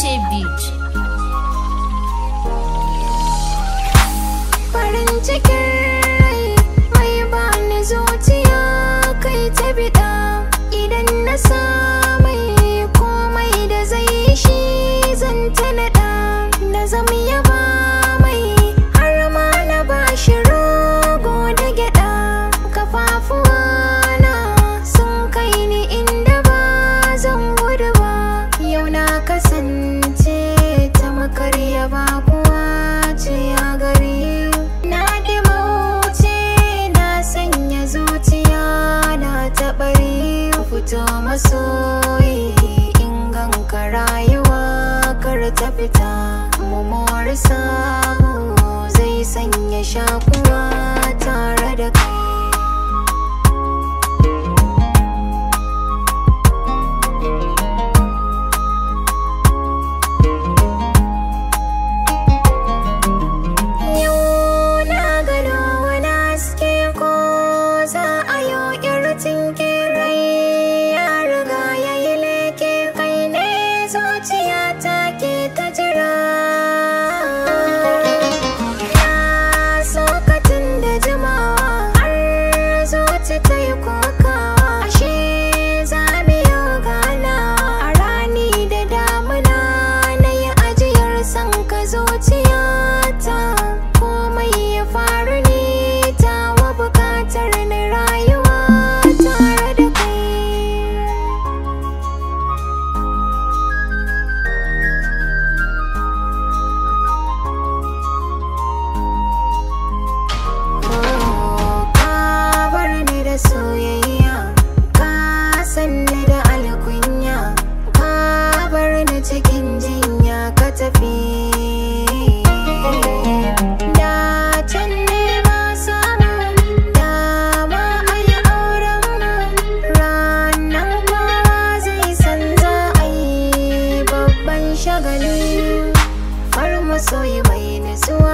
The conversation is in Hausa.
ce beat farin ciki mai bani zuciya kai ta bida idan na sa masoyi inganka rayuwa kar ta fita mummuwar samu zai sanya shakuwa tare da kai say you could masoyi mai nasuwa